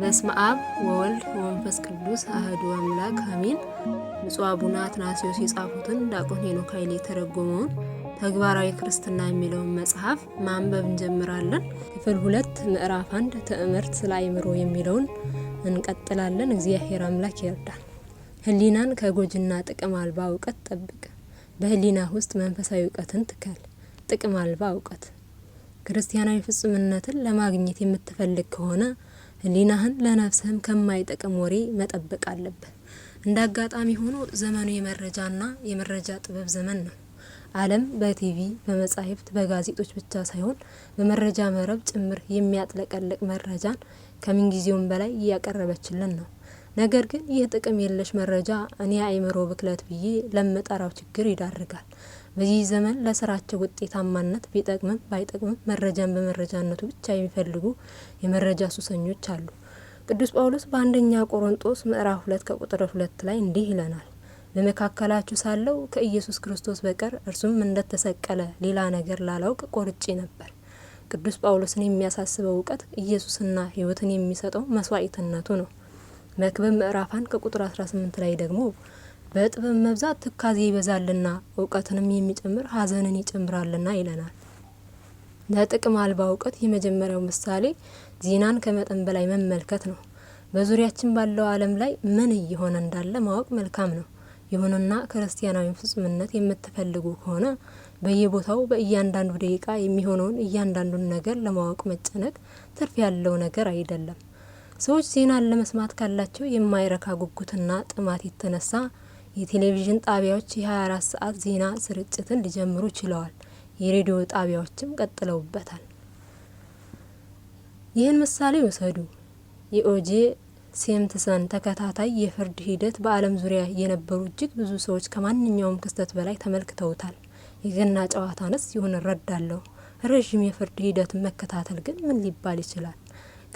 በስመ አብ ወወልድ ወመንፈስ ቅዱስ አህዱ አምላክ አሜን። ብፁዕ አቡነ አትናቴዎስ የጻፉትን ዲያቆን ሄኖክ ኃይሌ የተረጎመውን ተግባራዊ ክርስትና የሚለውን መጽሐፍ ማንበብ እንጀምራለን። ክፍል ሁለት ምዕራፍ አንድ ትዕምርት ስለ አእምሮ የሚለውን እንቀጥላለን። እግዚአብሔር አምላክ ይርዳል። ህሊናን ከጎጅና ጥቅም አልባ እውቀት ጠብቅ። በህሊና ውስጥ መንፈሳዊ እውቀትን ትከል። ጥቅም አልባ እውቀት ክርስቲያናዊ ፍጹምነትን ለማግኘት የምትፈልግ ከሆነ ህሊናህን ለነፍስህም ከማይጠቅም ወሬ መጠበቅ አለብህ። እንደ አጋጣሚ ሆኖ ዘመኑ የመረጃና የመረጃ ጥበብ ዘመን ነው። ዓለም በቲቪ በመጻሕፍት፣ በጋዜጦች ብቻ ሳይሆን በመረጃ መረብ ጭምር የሚያጥለቀልቅ መረጃን ከምንጊዜውም በላይ እያቀረበችልን ነው። ነገር ግን ይህ ጥቅም የለሽ መረጃ እኔ አእምሮ ብክለት ብዬ ለምጠራው ችግር ይዳርጋል። በዚህ ዘመን ለስራቸው ውጤታማነት ቢጠቅምም ባይጠቅምም መረጃን በመረጃነቱ ብቻ የሚፈልጉ የመረጃ ሱሰኞች አሉ። ቅዱስ ጳውሎስ በአንደኛ ቆሮንጦስ ምዕራፍ ሁለት ከቁጥር ሁለት ላይ እንዲህ ይለናል፣ በመካከላችሁ ሳለው ከኢየሱስ ክርስቶስ በቀር እርሱም እንደተሰቀለ ሌላ ነገር ላላውቅ ቆርጬ ነበር። ቅዱስ ጳውሎስን የሚያሳስበው እውቀት ኢየሱስና ሕይወትን የሚሰጠው መስዋዕትነቱ ነው። መክብብ ምዕራፍ አንድ ከቁጥር 18 ላይ ደግሞ በጥበብ መብዛት ትካዜ ይበዛልና እውቀትንም የሚጨምር ሀዘንን ይጨምራልና ይለናል። ለጥቅም አልባ እውቀት የመጀመሪያው ምሳሌ ዜናን ከመጠን በላይ መመልከት ነው። በዙሪያችን ባለው ዓለም ላይ ምን እየሆነ እንዳለ ማወቅ መልካም ነው። ይሁንና ክርስቲያናዊ ፍጹምነት የምትፈልጉ ከሆነ በየቦታው በእያንዳንዱ ደቂቃ የሚሆነውን እያንዳንዱን ነገር ለማወቅ መጨነቅ ትርፍ ያለው ነገር አይደለም። ሰዎች ዜናን ለመስማት ካላቸው የማይረካ ጉጉትና ጥማት የተነሳ የቴሌቪዥን ጣቢያዎች የ24 ሰዓት ዜና ስርጭትን ሊጀምሩ ችለዋል። የሬዲዮ ጣቢያዎችም ቀጥለውበታል። ይህን ምሳሌ ውሰዱ። የኦጄ ሴምትሰን ተከታታይ የፍርድ ሂደት በዓለም ዙሪያ የነበሩ እጅግ ብዙ ሰዎች ከማንኛውም ክስተት በላይ ተመልክተውታል። የገና ጨዋታ ነስ ይሁን እረዳለሁ። ረዥም የፍርድ ሂደትን መከታተል ግን ምን ሊባል ይችላል?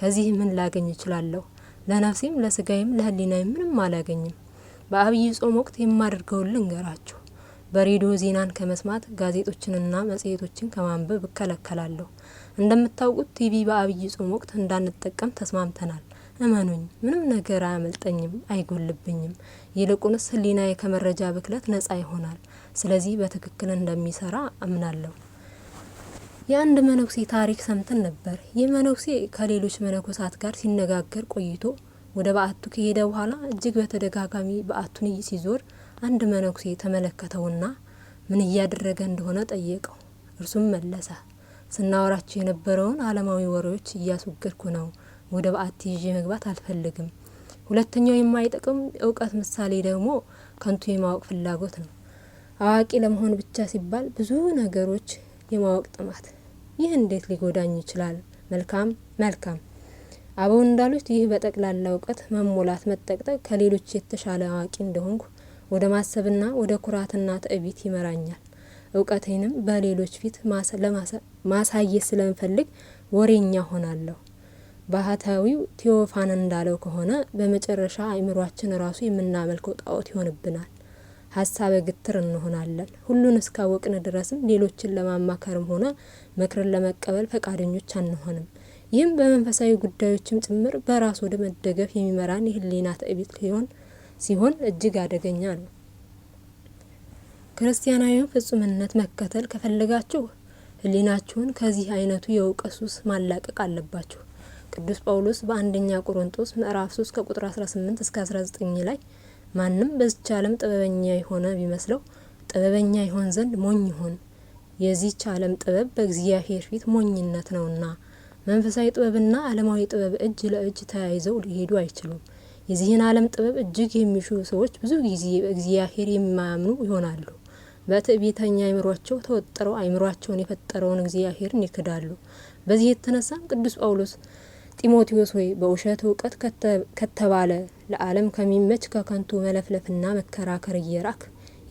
ከዚህ ምን ላገኝ እችላለሁ? ለነፍሴም ለስጋዬም ለህሊናይም ምንም አላገኝም። በአብይ ጾም ወቅት የማደርገውን ልንገራችሁ። በሬዲዮ ዜናን ከመስማት ጋዜጦችንና መጽሔቶችን ከማንበብ እከለከላለሁ። እንደምታውቁት ቲቪ በአብይ ጾም ወቅት እንዳንጠቀም ተስማምተናል። እመኑኝ፣ ምንም ነገር አያመልጠኝም፣ አይጎልብኝም። ይልቁንስ ሕሊናዬ ከመረጃ ብክለት ነጻ ይሆናል። ስለዚህ በትክክል እንደሚሰራ አምናለሁ። የአንድ መነኩሴ ታሪክ ሰምተን ነበር። ይህ መነኩሴ ከሌሎች መነኮሳት ጋር ሲነጋገር ቆይቶ ወደ በዓቱ ከሄደ በኋላ እጅግ በተደጋጋሚ በዓቱን ሲዞር አንድ መነኩሴ ተመለከተውና ምን እያደረገ እንደሆነ ጠየቀው። እርሱም መለሰ፣ ስናወራቸው የነበረውን ዓለማዊ ወሬዎች እያስወገድኩ ነው። ወደ በዓት ይዤ መግባት አልፈልግም። ሁለተኛው የማይጠቅም እውቀት ምሳሌ ደግሞ ከንቱ የማወቅ ፍላጎት ነው። አዋቂ ለመሆን ብቻ ሲባል ብዙ ነገሮች የማወቅ ጥማት። ይህ እንዴት ሊጎዳኝ ይችላል? መልካም መልካም አበው እንዳሉት ይህ በጠቅላላ እውቀት መሞላት መጠቅጠቅ ከሌሎች የተሻለ አዋቂ እንደሆንኩ ወደ ማሰብና ወደ ኩራትና ትዕቢት ይመራኛል። እውቀቴንም በሌሎች ፊት ማሳየት ስለምፈልግ ወሬኛ ሆናለሁ። ባህታዊው ቴዎፋን እንዳለው ከሆነ በመጨረሻ አእምሯችን ራሱ የምናመልከው ጣዖት ይሆንብናል። ሀሳበ ግትር እንሆናለን። ሁሉን እስካወቅን ድረስም ሌሎችን ለማማከርም ሆነ ምክርን ለመቀበል ፈቃደኞች አንሆንም። ይህም በመንፈሳዊ ጉዳዮችም ጭምር በራስ ወደ መደገፍ የሚመራን የህሊና ትዕቢት ሊሆን ሲሆን እጅግ አደገኛ ነው። ክርስቲያናዊውን ፍጹምነት መከተል ከፈለጋችሁ ህሊናችሁን ከዚህ አይነቱ የእውቀት ሱስ ማላቀቅ አለባችሁ። ቅዱስ ጳውሎስ በአንደኛ ቆሮንቶስ ምዕራፍ 3 ከቁጥር 18 እስከ 19 ላይ ማንም በዚች ዓለም ጥበበኛ የሆነ ቢመስለው ጥበበኛ ይሆን ዘንድ ሞኝ ይሁን፣ የዚች ዓለም ጥበብ በእግዚአብሔር ፊት ሞኝነት ነውና መንፈሳዊ ጥበብና ዓለማዊ ጥበብ እጅ ለእጅ ተያይዘው ሊሄዱ አይችሉም። የዚህን ዓለም ጥበብ እጅግ የሚሹ ሰዎች ብዙ ጊዜ በእግዚአብሔር የማያምኑ ይሆናሉ። በትዕቢተኛ አይምሯቸው ተወጥረው አይምሯቸውን የፈጠረውን እግዚአብሔርን ይክዳሉ። በዚህ የተነሳም ቅዱስ ጳውሎስ ጢሞቴዎስ ሆይ በውሸት እውቀት ከተባለ ለዓለም ከሚመች ከከንቱ መለፍለፍና መከራከር እየራክ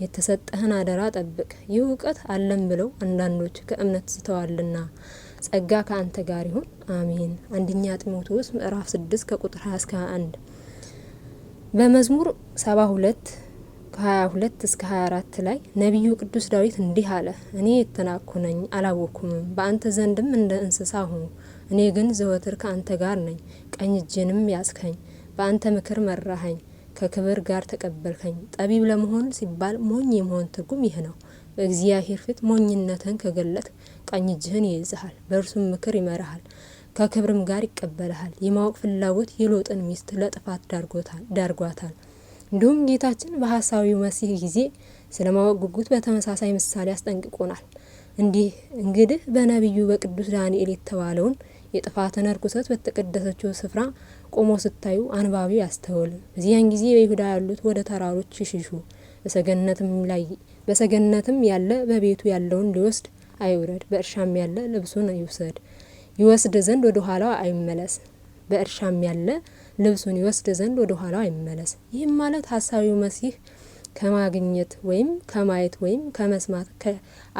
የተሰጠህን አደራ ጠብቅ። ይህ እውቀት አለም ብለው አንዳንዶች ከእምነት ስተዋልና ጸጋ ከአንተ ጋር ይሁን አሜን። አንደኛ ጢሞቴዎስ ምዕራፍ 6 ከቁጥር 21 በመዝሙር 72 ከ22 እስከ 24 ላይ ነቢዩ ቅዱስ ዳዊት እንዲህ አለ። እኔ የተናኩ ነኝ አላወቅኩምም፣ በአንተ ዘንድም እንደ እንስሳ ሆኑ። እኔ ግን ዘወትር ከአንተ ጋር ነኝ፣ ቀኝ እጅንም ያስከኝ በአንተ ምክር መራኸኝ፣ ከክብር ጋር ተቀበልከኝ። ጠቢብ ለመሆን ሲባል ሞኝ የመሆን ትርጉም ይህ ነው። በእግዚአብሔር ፊት ሞኝነትን ከገለጥ ቀኝ እጅህን ይይዝሃል፣ በእርሱም ምክር ይመራሃል፣ ከክብርም ጋር ይቀበልሃል። የማወቅ ፍላጎት የሎጥን ሚስት ለጥፋት ዳርጓታል። እንዲሁም ጌታችን በሐሳዊው መሲህ ጊዜ ስለ ማወቅ ጉጉት በተመሳሳይ ምሳሌ አስጠንቅቆናል። እንዲህ እንግዲህ በነቢዩ በቅዱስ ዳንኤል የተባለውን የጥፋትን እርኩሰት በተቀደሰችው ስፍራ ቆሞ ስታዩ አንባቢው ያስተውል። በዚያን ጊዜ በይሁዳ ያሉት ወደ ተራሮች ይሽሹ በሰገነትም ላይ በሰገነትም ያለ በቤቱ ያለውን ሊወስድ አይውረድ። በእርሻም ያለ ልብሱን ይውሰድ ይወስድ ዘንድ ወደ ኋላው አይመለስ። በእርሻም ያለ ልብሱን ይወስድ ዘንድ ወደ ኋላው አይመለስ። ይህም ማለት ሀሳዊው መሲህ ከማግኘት ወይም ከማየት ወይም ከመስማት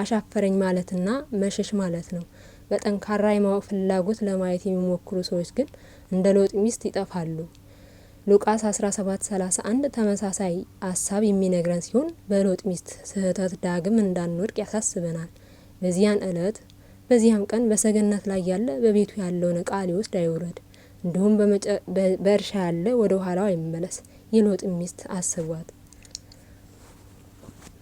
አሻፈረኝ ማለትና መሸሽ ማለት ነው። በጠንካራ የማወቅ ፍላጎት ለማየት የሚሞክሩ ሰዎች ግን እንደ ሎጥ ሚስት ይጠፋሉ። ሉቃስ 17:31 ተመሳሳይ ሀሳብ የሚነግረን ሲሆን በሎጥ ሚስት ስህተት ዳግም እንዳንወድቅ ያሳስበናል። በዚያን ዕለት በዚያም ቀን በሰገነት ላይ ያለ በቤቱ ያለውን ዕቃ ሊወስድ አይውረድ፣ እንዲሁም በእርሻ ያለ ወደ ኋላው አይመለስ። የሎጥ ሚስት አስቧት።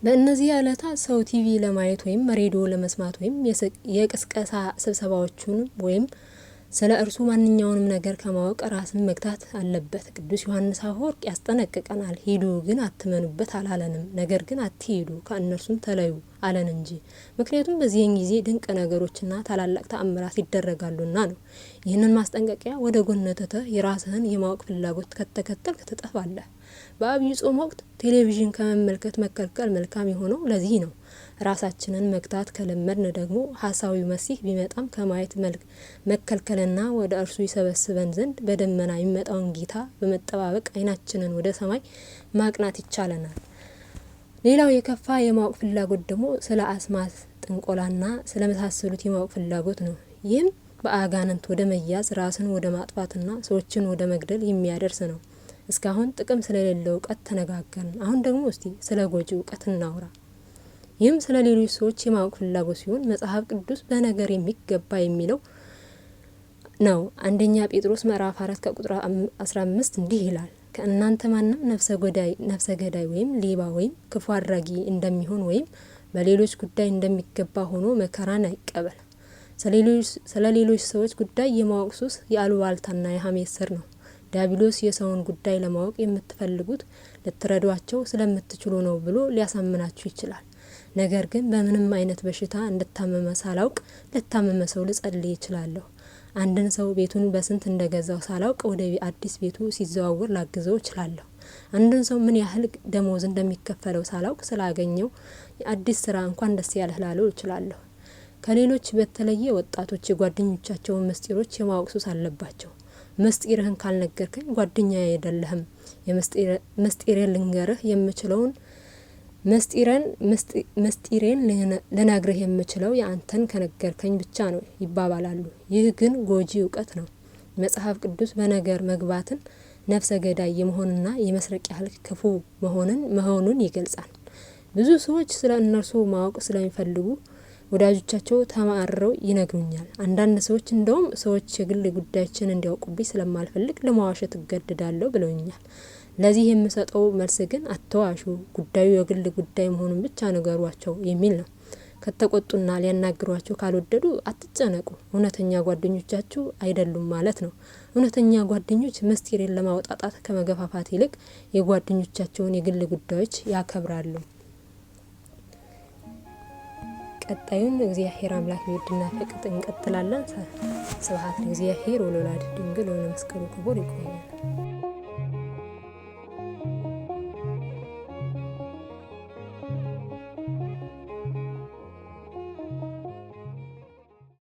በእነዚህ ዕለታት ሰው ቲቪ ለማየት ወይም ሬዲዮ ለመስማት ወይም የቅስቀሳ ስብሰባዎቹን ወይም ስለ እርሱ ማንኛውንም ነገር ከማወቅ ራስን መግታት አለበት። ቅዱስ ዮሐንስ አፈወርቅ ያስጠነቅቀናል። ሂዱ ግን አትመኑበት አላለንም፣ ነገር ግን አትሂዱ ከእነርሱም ተለዩ አለን እንጂ። ምክንያቱም በዚህን ጊዜ ድንቅ ነገሮችና ታላላቅ ተአምራት ይደረጋሉና ነው። ይህንን ማስጠንቀቂያ ወደ ጎን ትተህ የራስህን የማወቅ ፍላጎት ከተከተልክ ትጠፋለህ። በአብይ ጾም ወቅት ቴሌቪዥን ከመመልከት መከልከል መልካም የሆነው ለዚህ ነው። ራሳችንን መግታት ከለመድን ደግሞ ሀሳዊ መሲህ ቢመጣም ከማየት መከልከልና ወደ እርሱ ይሰበስበን ዘንድ በደመና የሚመጣውን ጌታ በመጠባበቅ አይናችንን ወደ ሰማይ ማቅናት ይቻለናል። ሌላው የከፋ የማወቅ ፍላጎት ደግሞ ስለ አስማት ጥንቆላና ስለመሳሰሉት የማወቅ ፍላጎት ነው። ይህም በአጋንንት ወደ መያዝ ራስን ወደ ማጥፋትና ሰዎችን ወደ መግደል የሚያደርስ ነው። እስካሁን ጥቅም ስለሌለው እውቀት ተነጋገርን። አሁን ደግሞ እስቲ ስለ ጎጂ እውቀት እናውራ። ይህም ስለ ሌሎች ሰዎች የማወቅ ፍላጎት ሲሆን መጽሐፍ ቅዱስ በነገር የሚገባ የሚለው ነው። አንደኛ ጴጥሮስ ምዕራፍ አራት ከቁጥር አስራ አምስት እንዲህ ይላል ከእናንተ ማንም ነፍሰ ገዳይ ወይም ሌባ ወይም ክፉ አድራጊ እንደሚሆን ወይም በሌሎች ጉዳይ እንደሚገባ ሆኖ መከራን አይቀበል። ስለ ሌሎች ሰዎች ጉዳይ የማወቅ ሱስ የአሉባልታና የሀሜት ስር ነው። ዲያብሎስ የሰውን ጉዳይ ለማወቅ የምትፈልጉት ልትረዷቸው ስለምትችሉ ነው ብሎ ሊያሳምናችሁ ይችላል። ነገር ግን በምንም አይነት በሽታ እንድታመመ ሳላውቅ ለታመመ ሰው ልጸልይ ይችላለሁ? አንድን ሰው ቤቱን በስንት እንደገዛው ሳላውቅ ወደ አዲስ ቤቱ ሲዘዋወር ላግዘው እችላለሁ። አንድን ሰው ምን ያህል ደሞዝ እንደሚከፈለው ሳላውቅ ስላገኘው የአዲስ ስራ እንኳን ደስ ያለህ ላለው እችላለሁ። ከሌሎች በተለየ ወጣቶች የጓደኞቻቸውን ምስጢሮች የማወቅ ሱስ አለባቸው። ምስጢርህን ካልነገርከኝ ጓደኛ አይደለህም፣ ምስጢሬን ልንገርህ የምችለውን መስጢረን መስጢሬን ልነግርህ የምችለው የአንተን ከነገርከኝ ብቻ ነው ይባባላሉ። ይህ ግን ጎጂ እውቀት ነው። መጽሐፍ ቅዱስ በነገር መግባትን ነፍሰ ገዳይ የመሆንና የመስረቅ ያህል ክፉ መሆንን መሆኑን ይገልጻል። ብዙ ሰዎች ስለ እነርሱ ማወቅ ስለሚፈልጉ ወዳጆቻቸው ተማርረው ይነግሩኛል። አንዳንድ ሰዎች እንደውም ሰዎች የግል ጉዳዮችን እንዲያውቁብኝ ስለማልፈልግ ለማዋሸት እገደዳለሁ ብለውኛል። ለዚህ የምሰጠው መልስ ግን አተዋሹ፣ ጉዳዩ የግል ጉዳይ መሆኑን ብቻ ንገሯቸው የሚል ነው። ከተቆጡና ሊያናግሯችሁ ካልወደዱ አትጨነቁ። እውነተኛ ጓደኞቻችሁ አይደሉም ማለት ነው። እውነተኛ ጓደኞች ምስጢርን ለማውጣጣት ከመገፋፋት ይልቅ የጓደኞቻቸውን የግል ጉዳዮች ያከብራሉ። ቀጣዩን እግዚአብሔር አምላክ ይወድና ፈቅጥ እንቀጥላለን። ስብሐት ለእግዚአብሔር ወለወላዲቱ ድንግል ወለመስቀሉ ክቡር ይቆያል።